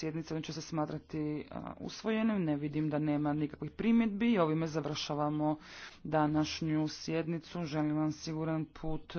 sjednice, će se smatrati usvojenim. Ne vidim da nema nikakvih primjedbi. Ovime završavamo današnju sjednicu. Želim vam siguran put.